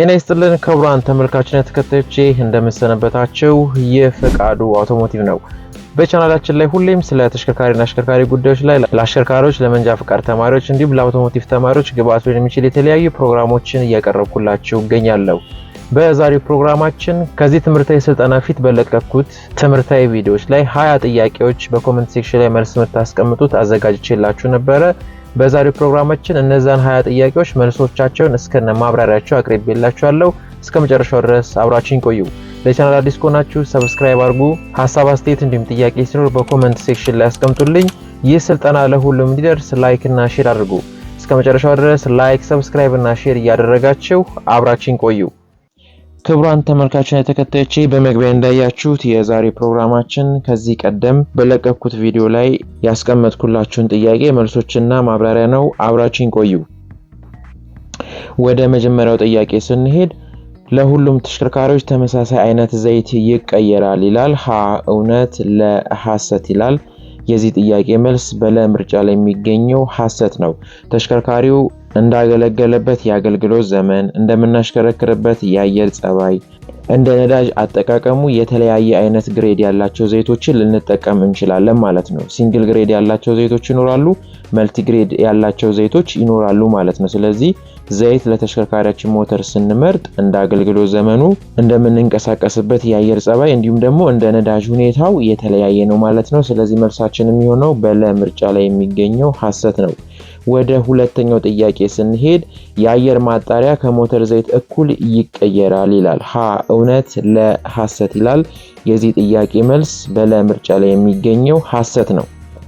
ጤና ይስጥልን ክቡራን ተመልካችና ተከታዮቼ እንደምሰነበታችሁ። የፈቃዱ አውቶሞቲቭ ነው። በቻናላችን ላይ ሁሌም ስለ ተሽከርካሪና አሽከርካሪ ጉዳዮች ላይ ለአሽከርካሪዎች፣ ለመንጃ ፍቃድ ተማሪዎች እንዲሁም ለአውቶሞቲቭ ተማሪዎች ግብአት ሊሆን የሚችል የተለያዩ ፕሮግራሞችን እያቀረብኩላችሁ እገኛለሁ። በዛሬው ፕሮግራማችን ከዚህ ትምህርታዊ ስልጠና ፊት በለቀኩት ትምህርታዊ ቪዲዮዎች ላይ ሀያ ጥያቄዎች በኮመንት ሴክሽን ላይ መልስ የምታስቀምጡት አዘጋጅቼላችሁ ነበረ። በዛሬው ፕሮግራማችን እነዛን ሀያ ጥያቄዎች መልሶቻቸውን እስከነ ማብራሪያቸው አቅርቤላችኋለሁ። እስከ መጨረሻው ድረስ አብራችን ቆዩ። ለቻናል አዲስ ከሆናችሁ ሰብስክራይብ አድርጉ። ሀሳብ አስተያየት፣ እንዲሁም ጥያቄ ሲኖር በኮመንት ሴክሽን ላይ አስቀምጡልኝ። ይህ ስልጠና ለሁሉም እንዲደርስ ላይክ እና ሼር አድርጉ። እስከ መጨረሻው ድረስ ላይክ፣ ሰብስክራይብ እና ሼር እያደረጋችሁ አብራችን ቆዩ። ክቡራን ተመልካችን የተከታዮች በመግቢያ እንዳያችሁት የዛሬ ፕሮግራማችን ከዚህ ቀደም በለቀኩት ቪዲዮ ላይ ያስቀመጥኩላችሁን ጥያቄ መልሶችና ማብራሪያ ነው። አብራችን ቆዩ። ወደ መጀመሪያው ጥያቄ ስንሄድ ለሁሉም ተሽከርካሪዎች ተመሳሳይ አይነት ዘይት ይቀየራል ይላል። ሀ እውነት፣ ለ ይላል። የዚህ ጥያቄ መልስ በለ ምርጫ ላይ የሚገኘው ሀሰት ነው። ተሽከርካሪው እንዳገለገለበት የአገልግሎት ዘመን፣ እንደምናሽከረክርበት የአየር ጸባይ፣ እንደ ነዳጅ አጠቃቀሙ የተለያየ አይነት ግሬድ ያላቸው ዘይቶችን ልንጠቀም እንችላለን ማለት ነው። ሲንግል ግሬድ ያላቸው ዘይቶች ይኖራሉ፣ መልቲ ግሬድ ያላቸው ዘይቶች ይኖራሉ ማለት ነው። ስለዚህ ዘይት ለተሽከርካሪያችን ሞተር ስንመርጥ እንደ አገልግሎት ዘመኑ፣ እንደምንንቀሳቀስበት የአየር ጸባይ እንዲሁም ደግሞ እንደ ነዳጅ ሁኔታው የተለያየ ነው ማለት ነው። ስለዚህ መልሳችን የሚሆነው በለ ምርጫ ላይ የሚገኘው ሀሰት ነው። ወደ ሁለተኛው ጥያቄ ስንሄድ የአየር ማጣሪያ ከሞተር ዘይት እኩል ይቀየራል ይላል። ሀ እውነት፣ ለ ይላል። የዚህ ጥያቄ መልስ በለ ምርጫ ላይ የሚገኘው ሀሰት ነው።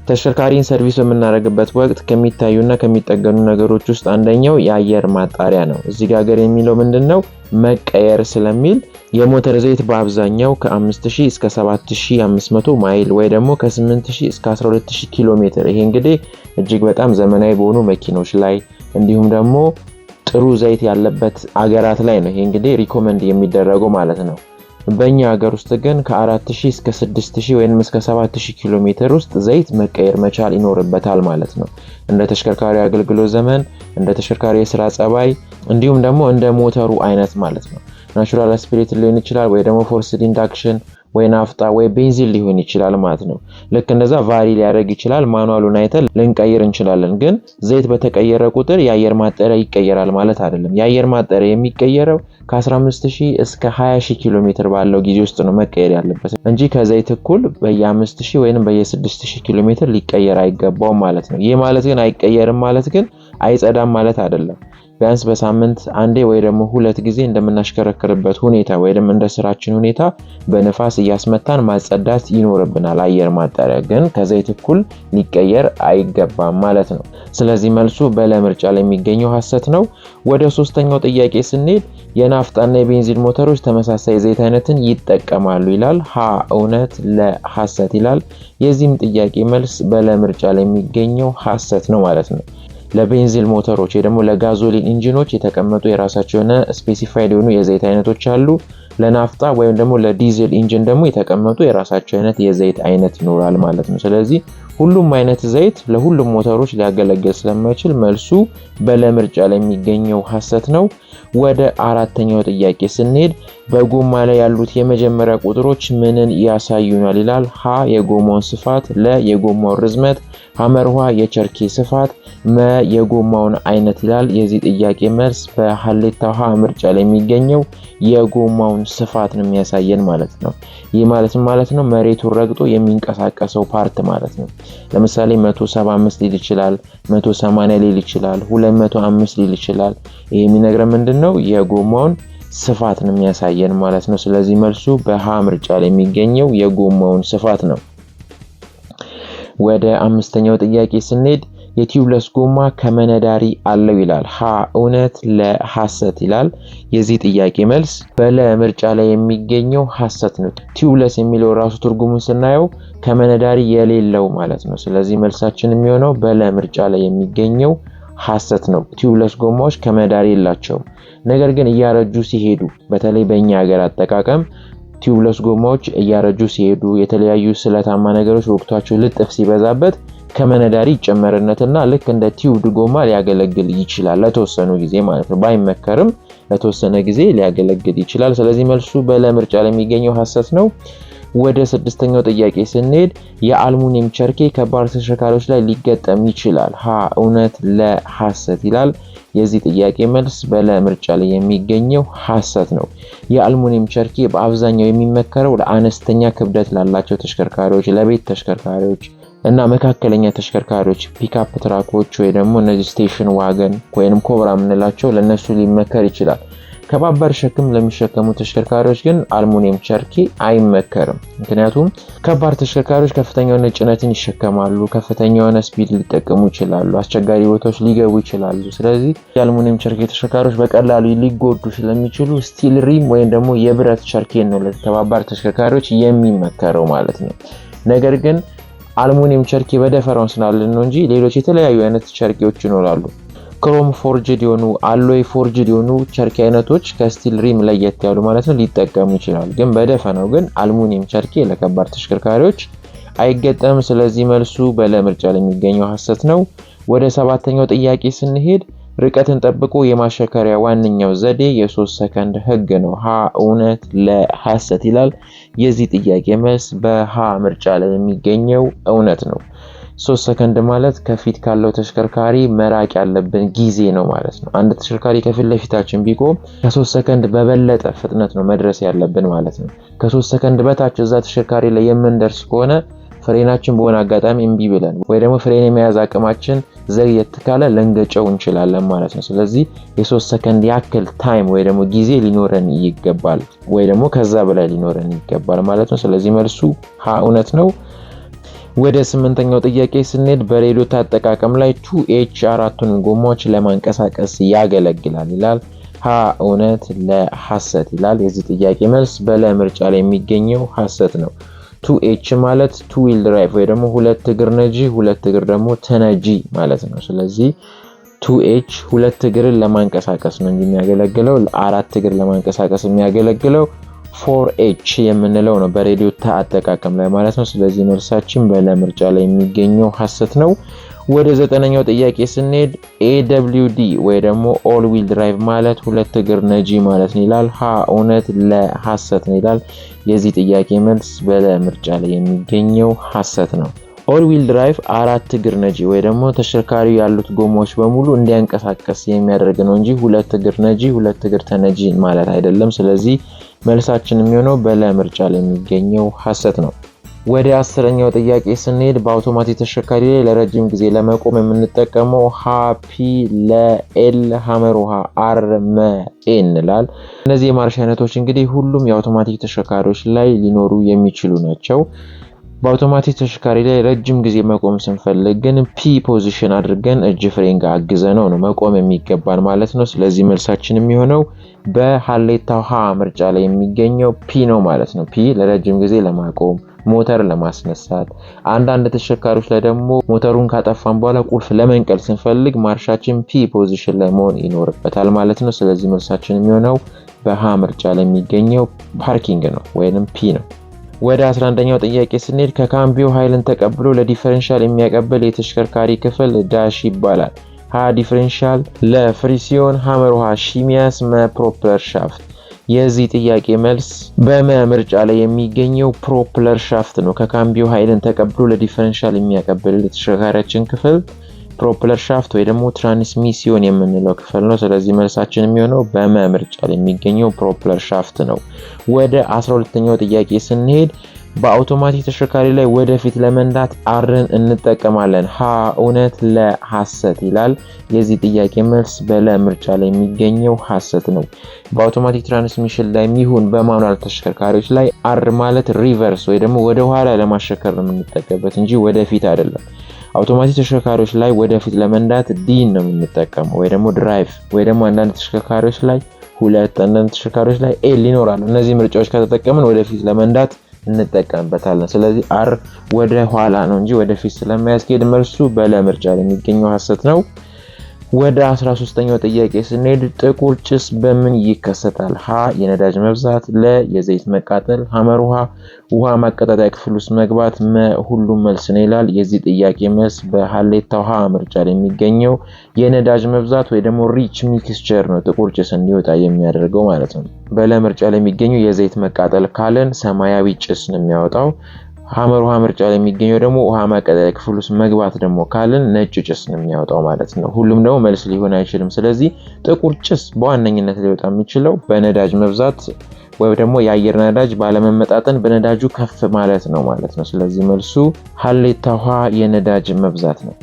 ተሽከርካሪን ሰርቪስ በምናደርግበት ወቅት ከሚታዩና ከሚጠገኑ ነገሮች ውስጥ አንደኛው የአየር ማጣሪያ ነው። እዚህ ጋር የሚለው ምንድን ነው? መቀየር ስለሚል የሞተር ዘይት በአብዛኛው ከ5000 እስከ 7500 ማይል ወይ ደግሞ ከ8000 እስከ 12000 ኪሎ ሜትር። ይሄ እንግዲህ እጅግ በጣም ዘመናዊ በሆኑ መኪኖች ላይ እንዲሁም ደግሞ ጥሩ ዘይት ያለበት አገራት ላይ ነው ይሄ እንግዲህ ሪኮመንድ የሚደረገው ማለት ነው። በእኛ ሀገር ውስጥ ግን ከ4000 እስከ 6000 ወይም እስከ 7000 ኪሎ ሜትር ውስጥ ዘይት መቀየር መቻል ይኖርበታል ማለት ነው። እንደ ተሽከርካሪ አገልግሎት ዘመን፣ እንደ ተሽከርካሪ የስራ ጸባይ፣ እንዲሁም ደግሞ እንደ ሞተሩ አይነት ማለት ነው። ናቹራል አስፒሬት ሊሆን ይችላል ወይ ደግሞ ፎርስድ ኢንዳክሽን ወይ ናፍጣ ወይ ቤንዚን ሊሆን ይችላል ማለት ነው። ልክ እንደዛ ቫሪ ሊያደርግ ይችላል። ማኑዋሉን አይተን ልንቀይር እንችላለን። ግን ዘይት በተቀየረ ቁጥር የአየር ማጠሪያ ይቀየራል ማለት አይደለም። የአየር ማጠሪያ የሚቀየረው ከ15000 እስከ 20000 ኪሎ ሜትር ባለው ጊዜ ውስጥ ነው መቀየር ያለበት እንጂ ከዘይት እኩል በየ5000 ወይም በየ6000 ኪሎ ሜትር ሊቀየር አይገባውም ማለት ነው። ይህ ማለት ግን አይቀየርም ማለት ግን አይጸዳም ማለት አይደለም። ቢያንስ በሳምንት አንዴ ወይ ደግሞ ሁለት ጊዜ እንደምናሽከረክርበት ሁኔታ ወይ ደግሞ እንደ ስራችን ሁኔታ በንፋስ እያስመታን ማጸዳት ይኖርብናል። አየር ማጣሪያ ግን ከዘይት እኩል ሊቀየር አይገባም ማለት ነው። ስለዚህ መልሱ በለ ምርጫ ላይ የሚገኘው ሀሰት ነው። ወደ ሶስተኛው ጥያቄ ስንሄድ የናፍጣና የቤንዚን ሞተሮች ተመሳሳይ ዘይት አይነትን ይጠቀማሉ ይላል። ሀ እውነት፣ ለ ሀሰት ይላል። የዚህም ጥያቄ መልስ በለ ምርጫ ላይ የሚገኘው ሀሰት ነው ማለት ነው። ለቤንዚል ሞተሮች ወይ ደግሞ ለጋዞሊን ኢንጂኖች የተቀመጡ የራሳቸው የሆነ ስፔሲፋይድ የሆኑ የዘይት አይነቶች አሉ። ለናፍጣ ወይም ደግሞ ለዲዝል ኢንጂን ደግሞ የተቀመጡ የራሳቸው አይነት የዘይት አይነት ይኖራል ማለት ነው። ስለዚህ ሁሉም አይነት ዘይት ለሁሉም ሞተሮች ሊያገለግል ስለማይችል መልሱ በለምርጫ ላይ የሚገኘው ሀሰት ነው። ወደ አራተኛው ጥያቄ ስንሄድ በጎማ ላይ ያሉት የመጀመሪያ ቁጥሮች ምንን ያሳዩናል ይላል። ሀ የጎማውን ስፋት፣ ለ የጎማውን ርዝመት፣ ሐመርሃ የቸርኬ ስፋት፣ መ የጎማውን አይነት ይላል። የዚህ ጥያቄ መልስ በሀሌታ ሀ ምርጫ ላይ የሚገኘው የጎማውን ስፋት ነው የሚያሳየን ማለት ነው። ይህ ማለት ማለት ነው መሬቱን ረግጦ የሚንቀሳቀሰው ፓርት ማለት ነው። ለምሳሌ 175 ሊል ይችላል፣ 180 ሊል ይችላል፣ 205 ሊል ይችላል። ይህ የሚነግረን ምንድን ነው የጎማውን ስፋት ነው የሚያሳየን ማለት ነው። ስለዚህ መልሱ በሀ ምርጫ ላይ የሚገኘው የጎማውን ስፋት ነው። ወደ አምስተኛው ጥያቄ ስንሄድ የቲዩብለስ ጎማ ከመነዳሪ አለው ይላል። ሀ እውነት፣ ለሀሰት ይላል። የዚህ ጥያቄ መልስ በለ ምርጫ ላይ የሚገኘው ሀሰት ነው። ቲዩብለስ የሚለው ራሱ ትርጉሙን ስናየው ከመነዳሪ የሌለው ማለት ነው። ስለዚህ መልሳችን የሚሆነው በለ ምርጫ ላይ የሚገኘው ሐሰት ነው። ቲዩብለስ ጎማዎች ከመዳር የላቸውም። ነገር ግን እያረጁ ሲሄዱ በተለይ በእኛ ሀገር አጠቃቀም ቲዩብለስ ጎማዎች እያረጁ ሲሄዱ የተለያዩ ስለታማ ነገሮች ወቅቷቸው ልጥፍ ሲበዛበት ከመነዳሪ ይጨመርነትና ልክ እንደ ቲዩብድ ጎማ ሊያገለግል ይችላል ለተወሰኑ ጊዜ ማለት ነው። ባይመከርም ለተወሰነ ጊዜ ሊያገለግል ይችላል። ስለዚህ መልሱ በለምርጫ ለሚገኘው ሐሰት ነው። ወደ ስድስተኛው ጥያቄ ስንሄድ የአልሙኒየም ቸርኬ ከባድ ተሽከርካሪዎች ላይ ሊገጠም ይችላል። ሀ እውነት፣ ለሐሰት ይላል። የዚህ ጥያቄ መልስ በለ ምርጫ ላይ የሚገኘው ሐሰት ነው። የአልሙኒየም ቸርኬ በአብዛኛው የሚመከረው ለአነስተኛ ክብደት ላላቸው ተሽከርካሪዎች፣ ለቤት ተሽከርካሪዎች እና መካከለኛ ተሽከርካሪዎች ፒክአፕ ትራኮች ወይ ደግሞ እነዚህ ስቴሽን ዋገን ወይም ኮብራ የምንላቸው ለእነሱ ሊመከር ይችላል። ከባባድ ሸክም ለሚሸከሙ ተሽከርካሪዎች ግን አልሙኒየም ቸርኪ አይመከርም። ምክንያቱም ከባድ ተሽከርካሪዎች ከፍተኛ የሆነ ጭነትን ይሸከማሉ፣ ከፍተኛ የሆነ ስፒድ ሊጠቀሙ ይችላሉ፣ አስቸጋሪ ቦታዎች ሊገቡ ይችላሉ። ስለዚህ የአልሙኒየም ቸርኬ ተሽከርካሪዎች በቀላሉ ሊጎዱ ስለሚችሉ ስቲል ሪም ወይም ደግሞ የብረት ቸርኬን ነው ለተባባድ ተሽከርካሪዎች የሚመከረው ማለት ነው። ነገር ግን አልሙኒየም ቸርኬ በደፈራውን ስላለን ነው እንጂ ሌሎች የተለያዩ አይነት ቸርኬዎች ይኖራሉ። ክሮም ፎርጅድ የሆኑ አሎይ ፎርጅድ የሆኑ ቸርኪ አይነቶች ከስቲል ሪም ለየት ያሉ ማለት ነው ሊጠቀሙ ይችላል። ግን በደፈናው ግን አልሙኒየም ቸርኪ ለከባድ ተሽከርካሪዎች አይገጠም። ስለዚህ መልሱ በለምርጫ ላይ የሚገኘው ሀሰት ነው። ወደ ሰባተኛው ጥያቄ ስንሄድ ርቀትን ጠብቆ የማሸከሪያ ዋነኛው ዘዴ የሶስት ሰከንድ ህግ ነው። ሀ እውነት፣ ለሀሰት ይላል። የዚህ ጥያቄ መልስ በሀ ምርጫ ላይ የሚገኘው እውነት ነው። ሶስት ሰከንድ ማለት ከፊት ካለው ተሽከርካሪ መራቅ ያለብን ጊዜ ነው ማለት ነው። አንድ ተሽከርካሪ ከፊት ለፊታችን ቢቆም ከሶስት ሰከንድ በበለጠ ፍጥነት ነው መድረስ ያለብን ማለት ነው። ከሶስት ሰከንድ በታች እዛ ተሽከርካሪ ላይ የምንደርስ ከሆነ ፍሬናችን በሆነ አጋጣሚ እምቢ ብለን ወይ ደግሞ ፍሬን የመያዝ አቅማችን ዘግየት ካለ ልንገጨው እንችላለን ማለት ነው። ስለዚህ የሶስት ሰከንድ ያክል ታይም ወይ ደግሞ ጊዜ ሊኖረን ይገባል፣ ወይ ደግሞ ከዛ በላይ ሊኖረን ይገባል ማለት ነው። ስለዚህ መልሱ ሀ እውነት ነው። ወደ ስምንተኛው ጥያቄ ስንሄድ በሬዶት አጠቃቀም ላይ ቱ ኤች አራቱን ጎማዎች ለማንቀሳቀስ ያገለግላል ይላል። ሀ እውነት፣ ለሐሰት ይላል። የዚህ ጥያቄ መልስ በለ ምርጫ ላይ የሚገኘው ሐሰት ነው። ቱ ኤች ማለት ቱ ዊል ድራይቭ ወይ ደግሞ ሁለት እግር ነጂ፣ ሁለት እግር ደግሞ ተነጂ ማለት ነው። ስለዚህ ቱ ኤች ሁለት እግርን ለማንቀሳቀስ ነው እንጂ የሚያገለግለው አራት እግር ለማንቀሳቀስ የሚያገለግለው ፎር ኤች የምንለው ነው በሬዲዮ ታ አጠቃቀም ላይ ማለት ነው። ስለዚህ መልሳችን በለምርጫ ላይ የሚገኘው ሀሰት ነው። ወደ ዘጠነኛው ጥያቄ ስንሄድ ኤደብሊውዲ ወይ ደግሞ ኦል ዊል ድራይቭ ማለት ሁለት እግር ነጂ ማለት ነው ይላል። ሀ እውነት፣ ለሀሰት ነው ይላል። የዚህ ጥያቄ መልስ በለ ምርጫ ላይ የሚገኘው ሀሰት ነው። ኦል ዊል ድራይቭ አራት እግር ነጂ ወይ ደግሞ ተሽከርካሪ ያሉት ጎማዎች በሙሉ እንዲያንቀሳቀስ የሚያደርግ ነው እንጂ ሁለት እግር ነጂ ሁለት እግር ተነጂ ማለት አይደለም። ስለዚህ መልሳችን የሚሆነው በለ ምርጫ ላይ የሚገኘው ሀሰት ነው። ወደ አስረኛው ጥያቄ ስንሄድ በአውቶማቲክ ተሽከርካሪ ላይ ለረጅም ጊዜ ለመቆም የምንጠቀመው ሀፒ ለኤል ሀመር ውሃ አር መ ኤ እንላል። እነዚህ የማርሽ አይነቶች እንግዲህ ሁሉም የአውቶማቲክ ተሽከርካሪዎች ላይ ሊኖሩ የሚችሉ ናቸው። በአውቶማቲክ ተሽከርካሪ ላይ ረጅም ጊዜ መቆም ስንፈልግ ግን ፒ ፖዚሽን አድርገን እጅ ፍሬን ጋር አግዘ ነው ነው መቆም የሚገባን ማለት ነው። ስለዚህ መልሳችን የሚሆነው በሀሌታ ሀ ምርጫ ላይ የሚገኘው ፒ ነው ማለት ነው። ፒ ለረጅም ጊዜ ለማቆም ሞተር ለማስነሳት አንዳንድ ተሽከርካሪዎች ላይ ደግሞ ሞተሩን ካጠፋን በኋላ ቁልፍ ለመንቀል ስንፈልግ ማርሻችን ፒ ፖዚሽን ላይ መሆን ይኖርበታል ማለት ነው። ስለዚህ መልሳችን የሚሆነው በሀ ምርጫ ላይ የሚገኘው ፓርኪንግ ነው ወይንም ፒ ነው። ወደ 11ኛው ጥያቄ ስንሄድ ከካምቢዮ ኃይልን ተቀብሎ ለዲፈረንሻል የሚያቀብል የተሽከርካሪ ክፍል ዳሽ ይባላል። ሀ ዲፈረንሻል፣ ለ ፍሪሲዮን፣ ሐመር ውሃ ሺሚያስ፣ መ ፕሮፕለር ሻፍት። የዚህ ጥያቄ መልስ በመ ምርጫ ላይ የሚገኘው ፕሮፕለር ሻፍት ነው። ከካምቢዮ ኃይልን ተቀብሎ ለዲፈረንሻል የሚያቀብል የተሽከርካሪያችን ክፍል ፕሮፕለር ሻፍት ወይ ደግሞ ትራንስሚሲዮን የምንለው ክፍል ነው። ስለዚህ መልሳችን የሚሆነው በመምርጫ ላይ የሚገኘው ፕሮፕለር ሻፍት ነው። ወደ 12ኛው ጥያቄ ስንሄድ በአውቶማቲክ ተሽከርካሪ ላይ ወደፊት ለመንዳት አርን እንጠቀማለን። ሀ እውነት፣ ለ ይላል። የዚህ ጥያቄ መልስ በለ ምርጫ ላይ የሚገኘው ሐሰት ነው። በአውቶማቲክ ትራንስሚሽን ላይ የሚሆን በማኑዋል ተሽከርካሪዎች ላይ አር ማለት ሪቨርስ ወይ ደግሞ ወደ ኋላ ለማሸከር ነው የምንጠቀምበት እንጂ ወደፊት አይደለም። አውቶማቲክ ተሽከርካሪዎች ላይ ወደፊት ለመንዳት ዲን ነው የምንጠቀመው፣ ወይ ደግሞ ድራይቭ ወይ ደግሞ አንዳንድ ተሽከርካሪዎች ላይ ሁለት፣ አንዳንድ ተሽከርካሪዎች ላይ ኤል ይኖራሉ። እነዚህ ምርጫዎች ከተጠቀምን ወደፊት ለመንዳት እንጠቀምበታለን። ስለዚህ አር ወደ ኋላ ነው እንጂ ወደፊት ስለማያስኬድ መልሱ በለ ምርጫ የሚገኘው ሀሰት ነው። ወደ 13ኛው ጥያቄ ስንሄድ ጥቁር ጭስ በምን ይከሰታል? ሀ የነዳጅ መብዛት፣ ለ የዘይት መቃጠል፣ ሐመር ውሃ ውሃ ማቀጣጠያ ክፍል ውስጥ መግባት፣ መ ሁሉም መልስ ነው ይላል። የዚህ ጥያቄ መልስ በሀሌታ ውሃ ምርጫ ላይ የሚገኘው የነዳጅ መብዛት ወይ ደግሞ ሪች ሚክስቸር ነው ጥቁር ጭስ እንዲወጣ የሚያደርገው ማለት ነው። በለ ምርጫ ላይ የሚገኘው የዘይት መቃጠል ካለን ሰማያዊ ጭስ ነው የሚያወጣው። ሀመር ውሃ ምርጫ ላይ የሚገኘው ደግሞ ውሃ ማቀጠያ ክፍል ውስጥ መግባት ደግሞ ካልን ነጭ ጭስ ነው የሚያወጣው ማለት ነው። ሁሉም ደግሞ መልስ ሊሆን አይችልም። ስለዚህ ጥቁር ጭስ በዋነኝነት ሊወጣ የሚችለው በነዳጅ መብዛት ወይም ደግሞ የአየር ነዳጅ ባለመመጣጠን በነዳጁ ከፍ ማለት ነው ማለት ነው። ስለዚህ መልሱ ሀሌታ ውሃ የነዳጅ መብዛት ነው።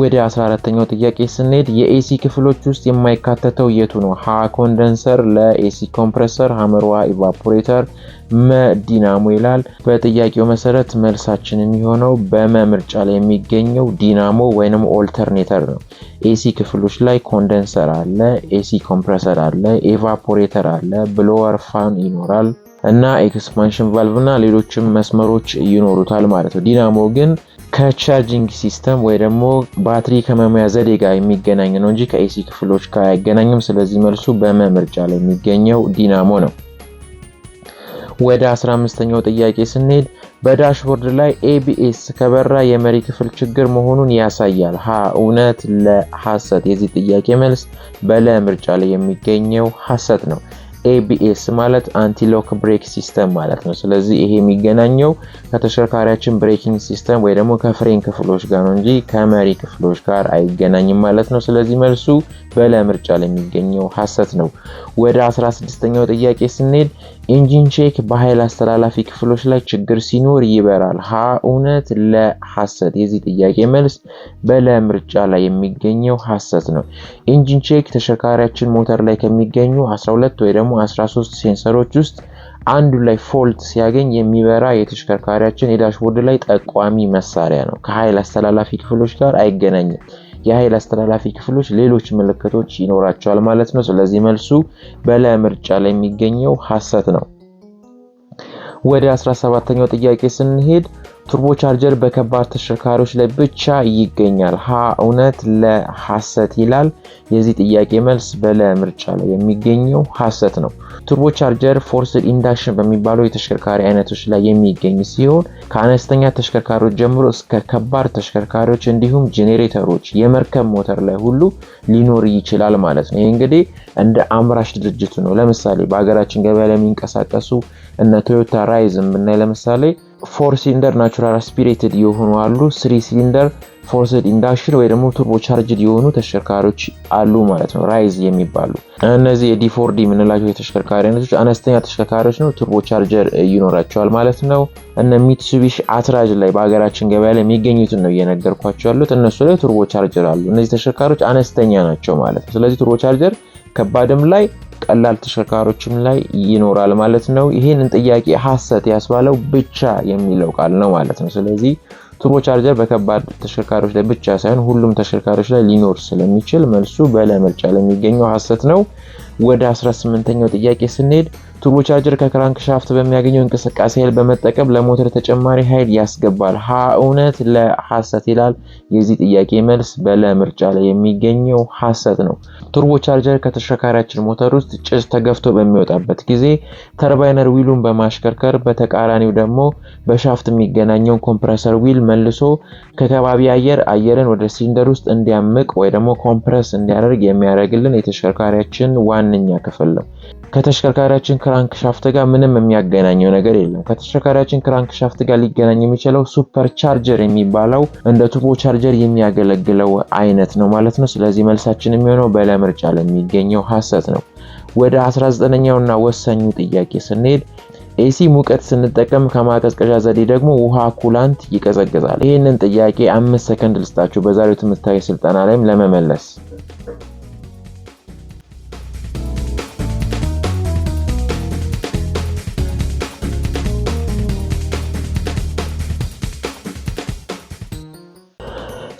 ወደ 14ተኛው ጥያቄ ስንሄድ የኤሲ ክፍሎች ውስጥ የማይካተተው የቱ ነው? ሀ ኮንደንሰር፣ ለኤሲ ኮምፕረሰር፣ ሀመርዋ ኢቫፖሬተር፣ መዲናሞ ይላል። በጥያቄው መሰረት መልሳችን የሚሆነው በመምርጫ ላይ የሚገኘው ዲናሞ ወይንም ኦልተርኔተር ነው። ኤሲ ክፍሎች ላይ ኮንደንሰር አለ፣ ኤሲ ኮምፕረሰር አለ፣ ኤቫፖሬተር አለ፣ ብሎወር ፋን ይኖራል እና ኤክስፓንሽን ቫልቭ እና ሌሎችም መስመሮች ይኖሩታል ማለት ነው። ዲናሞ ግን ከቻርጂንግ ሲስተም ወይ ደግሞ ባትሪ ከመሙያ ዘዴ ጋር የሚገናኝ ነው እንጂ ከኤሲ ክፍሎች ጋር አይገናኝም። ስለዚህ መልሱ በመምርጫ ላይ የሚገኘው ዲናሞ ነው። ወደ 15ኛው ጥያቄ ስንሄድ በዳሽቦርድ ላይ ኤቢኤስ ከበራ የመሪ ክፍል ችግር መሆኑን ያሳያል። ሀ እውነት፣ ለሀሰት የዚህ ጥያቄ መልስ በለ ምርጫ ላይ የሚገኘው ሐሰት ነው። ኤቢኤስ ማለት አንቲሎክ ብሬክ ሲስተም ማለት ነው። ስለዚህ ይሄ የሚገናኘው ከተሽከርካሪያችን ብሬኪንግ ሲስተም ወይ ደግሞ ከፍሬን ክፍሎች ጋር ነው እንጂ ከመሪ ክፍሎች ጋር አይገናኝም ማለት ነው። ስለዚህ መልሱ በላይ ምርጫ ላይ የሚገኘው ሀሰት ነው። ወደ 16ኛው ጥያቄ ስንሄድ ኢንጂን ቼክ በኃይል አስተላላፊ ክፍሎች ላይ ችግር ሲኖር ይበራል። ሀ እውነት፣ ለ ሀሰት። የዚህ ጥያቄ መልስ በላይ ምርጫ ላይ የሚገኘው ሀሰት ነው። ኢንጂን ቼክ ተሽከርካሪያችን ሞተር ላይ ከሚገኙ 12 ወይ ደግሞ 13 ሴንሰሮች ውስጥ አንዱ ላይ ፎልት ሲያገኝ የሚበራ የተሽከርካሪያችን የዳሽቦርድ ላይ ጠቋሚ መሳሪያ ነው። ከኃይል አስተላላፊ ክፍሎች ጋር አይገናኝም። የኃይል አስተላላፊ ክፍሎች ሌሎች ምልክቶች ይኖራቸዋል ማለት ነው። ስለዚህ መልሱ በለ ምርጫ ላይ የሚገኘው ሐሰት ነው። ወደ 17ኛው ጥያቄ ስንሄድ ቱርቦ ቻርጀር በከባድ ተሽከርካሪዎች ላይ ብቻ ይገኛል? ሀ እውነት፣ ለ ይላል። የዚህ ጥያቄ መልስ በለ ምርጫ ላይ የሚገኘው ሐሰት ነው። ቱርቦ ቻርጀር ፎርስድ ኢንዳክሽን በሚባለው የተሽከርካሪ አይነቶች ላይ የሚገኝ ሲሆን ከአነስተኛ ተሽከርካሪዎች ጀምሮ እስከ ከባድ ተሽከርካሪዎች እንዲሁም ጄኔሬተሮች፣ የመርከብ ሞተር ላይ ሁሉ ሊኖር ይችላል ማለት ነው። ይህ እንግዲህ እንደ አምራች ድርጅቱ ነው። ለምሳሌ በሀገራችን ገበያ ላይ የሚንቀሳቀሱ እነ ቶዮታ ራይዝ የምናይ ለምሳሌ ፎር ሲሊንደር ናቹራል አስፒሬትድ የሆኑ አሉ። ስሪ ሲሊንደር ፎርስድ ኢንዳክሽን ወይ ደግሞ ቱርቦ ቻርጅድ የሆኑ ተሽከርካሪዎች አሉ ማለት ነው፣ ራይዝ የሚባሉ እነዚህ የዲፎርዲ የምንላቸው የተሽከርካሪ አይነቶች አነስተኛ ተሽከርካሪዎች ነው። ቱርቦ ቻርጀር ይኖራቸዋል ማለት ነው። እነ ሚትሱቢሽ አትራጅ ላይ በሀገራችን ገበያ ላይ የሚገኙትን ነው እየነገርኳቸው ያሉት። እነሱ ላይ ቱርቦ ቻርጀር አሉ። እነዚህ ተሽከርካሪዎች አነስተኛ ናቸው ማለት ነው። ስለዚህ ቱርቦ ቻርጀር ከባድም ላይ ቀላል ተሽከርካሪዎችም ላይ ይኖራል ማለት ነው። ይህንን ጥያቄ ሀሰት ያስባለው ብቻ የሚለው ቃል ነው ማለት ነው። ስለዚህ ቱርቦ ቻርጀር በከባድ ተሽከርካሪዎች ላይ ብቻ ሳይሆን ሁሉም ተሽከርካሪዎች ላይ ሊኖር ስለሚችል መልሱ በለምርጫ ለሚገኘው ሀሰት ነው። ወደ 18ኛው ጥያቄ ስንሄድ ከክራንክ ሻፍት በሚያገኘው እንቅስቃሴ ኃይል በመጠቀም ለሞተር ተጨማሪ ኃይል ያስገባል። ሀ እውነት፣ ለሐሰት ይላል። የዚህ ጥያቄ መልስ በለ ምርጫ ላይ የሚገኘው ሐሰት ነው። ቱርቦቻርጀር ከተሽከርካሪያችን ሞተር ውስጥ ጭስ ተገፍቶ በሚወጣበት ጊዜ ተርባይነር ዊሉን በማሽከርከር በተቃራኒው ደግሞ በሻፍት የሚገናኘውን ኮምፕረሰር ዊል መልሶ ከከባቢ አየር አየርን ወደ ሲሊንደር ውስጥ እንዲያምቅ ወይ ደግሞ ኮምፕረስ እንዲያደርግ የሚያደርግልን የተሽከርካሪያችን ዋነኛ ክፍል ነው። ከተሽከርካሪያችን ክራንክ ሻፍት ጋር ምንም የሚያገናኘው ነገር የለም። ከተሽከርካሪያችን ክራንክ ሻፍት ጋር ሊገናኝ የሚችለው ሱፐር ቻርጀር የሚባለው እንደ ቱቦ ቻርጀር የሚያገለግለው አይነት ነው ማለት ነው። ስለዚህ መልሳችን የሚሆነው በለምርጫ ለሚገኘው ሀሰት ነው። ወደ 19ኛውና ወሳኙ ጥያቄ ስንሄድ ኤሲ ሙቀት ስንጠቀም ከማቀዝቀዣ ዘዴ ደግሞ ውሃ ኩላንት ይቀዘቅዛል። ይህንን ጥያቄ አምስት ሰከንድ ልስጣችሁ በዛሬው ትምህርታዊ ስልጠና ላይም ለመመለስ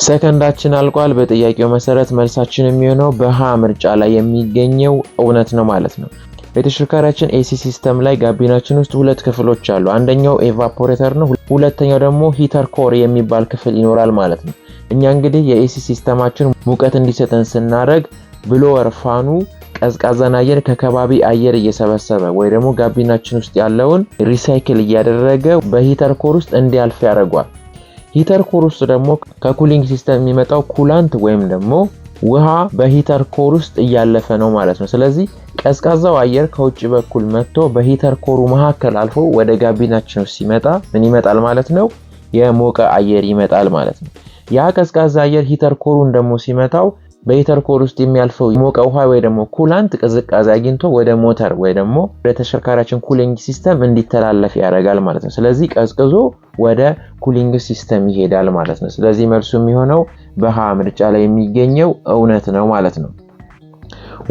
ሰከንዳችን አልቋል። በጥያቄው መሰረት መልሳችን የሚሆነው በሀ ምርጫ ላይ የሚገኘው እውነት ነው ማለት ነው። በተሽከርካሪያችን ኤሲ ሲስተም ላይ ጋቢናችን ውስጥ ሁለት ክፍሎች አሉ። አንደኛው ኤቫፖሬተር ነው፣ ሁለተኛው ደግሞ ሂተር ኮር የሚባል ክፍል ይኖራል ማለት ነው። እኛ እንግዲህ የኤሲ ሲስተማችን ሙቀት እንዲሰጠን ስናደርግ ብሎወር ፋኑ ቀዝቃዛን አየር ከከባቢ አየር እየሰበሰበ ወይ ደግሞ ጋቢናችን ውስጥ ያለውን ሪሳይክል እያደረገ በሂተር ኮር ውስጥ እንዲያልፍ ያደርጓል። ሂተር ኮር ውስጥ ደግሞ ከኩሊንግ ሲስተም የሚመጣው ኩላንት ወይም ደግሞ ውሃ በሂተር ኮር ውስጥ እያለፈ ነው ማለት ነው። ስለዚህ ቀዝቃዛው አየር ከውጭ በኩል መጥቶ በሂተር ኮሩ መካከል አልፎ ወደ ጋቢናችን ውስጥ ሲመጣ ምን ይመጣል ማለት ነው? የሞቀ አየር ይመጣል ማለት ነው። ያ ቀዝቃዛ አየር ሂተር ኮሩን ደግሞ ሲመታው በሂተር ኮር ውስጥ የሚያልፈው ሞቀ ውሃ ወይ ደግሞ ኩላንት ቅዝቃዜ አግኝቶ ወደ ሞተር ወይ ደግሞ ወደ ተሽከርካሪያችን ኩሊንግ ሲስተም እንዲተላለፍ ያደርጋል ማለት ነው። ስለዚህ ቀዝቅዞ ወደ ኩሊንግ ሲስተም ይሄዳል ማለት ነው። ስለዚህ መልሱ የሚሆነው በሀ ምርጫ ላይ የሚገኘው እውነት ነው ማለት ነው።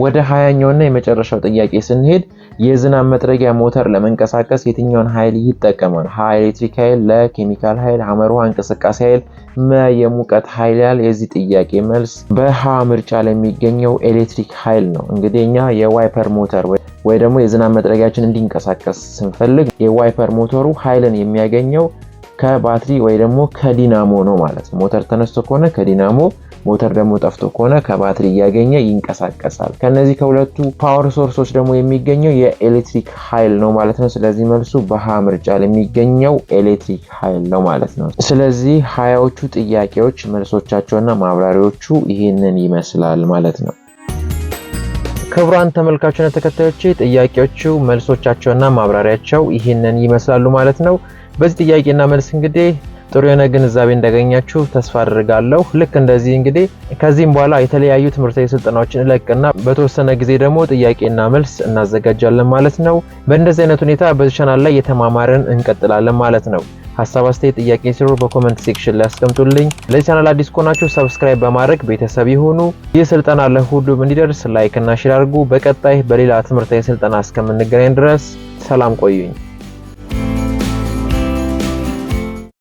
ወደ ሀያኛውና የመጨረሻው ጥያቄ ስንሄድ የዝናብ መጥረጊያ ሞተር ለመንቀሳቀስ የትኛውን ኃይል ይጠቀማል? ሀ ኤሌክትሪክ ኃይል፣ ለኬሚካል ኬሚካል ኃይል፣ አመርሃ እንቅስቃሴ ኃይል፣ መ የሙቀት ኃይል ያል የዚህ ጥያቄ መልስ በሀ ምርጫ ላይ የሚገኘው ኤሌክትሪክ ኃይል ነው። እንግዲህ እኛ የዋይፐር ሞተር ወይ ደግሞ የዝናብ መጥረጊያችን እንዲንቀሳቀስ ስንፈልግ የዋይፐር ሞተሩ ኃይልን የሚያገኘው ከባትሪ ወይ ደግሞ ከዲናሞ ነው ማለት ነው። ሞተር ተነስቶ ከሆነ ከዲናሞ ሞተር ደግሞ ጠፍቶ ከሆነ ከባትሪ እያገኘ ይንቀሳቀሳል። ከነዚህ ከሁለቱ ፓወር ሶርሶች ደግሞ የሚገኘው የኤሌክትሪክ ኃይል ነው ማለት ነው። ስለዚህ መልሱ በሀ ምርጫ የሚገኘው ኤሌክትሪክ ኃይል ነው ማለት ነው። ስለዚህ ሀያዎቹ ጥያቄዎች መልሶቻቸውና ማብራሪዎቹ ይህንን ይመስላል ማለት ነው። ክቡራን ተመልካቾችና ተከታዮቼ ጥያቄዎቹ መልሶቻቸውና ማብራሪያቸው ይህንን ይመስላሉ ማለት ነው። በዚህ ጥያቄና መልስ እንግዲህ ጥሩ የሆነ ግንዛቤ እንዳገኛችሁ ተስፋ አድርጋለሁ። ልክ እንደዚህ እንግዲህ ከዚህም በኋላ የተለያዩ ትምህርታዊ ስልጠናዎችን እለቅና በተወሰነ ጊዜ ደግሞ ጥያቄና መልስ እናዘጋጃለን ማለት ነው። በእንደዚህ አይነት ሁኔታ በዚህ ቻናል ላይ የተማማርን እንቀጥላለን ማለት ነው። ሀሳብ፣ አስተያየት፣ ጥያቄ ሲኖር በኮመንት ሴክሽን ላይ ያስቀምጡልኝ። ለዚህ ቻናል አዲስ ከሆናችሁ ሰብስክራይብ በማድረግ ቤተሰብ ይሁኑ። ይህ ስልጠና ለሁሉም እንዲደርስ ላይክ እና ሼር አድርጉ። በቀጣይ በሌላ ትምህርታዊ ስልጠና እስከምንገናኝ ድረስ ሰላም ቆዩኝ።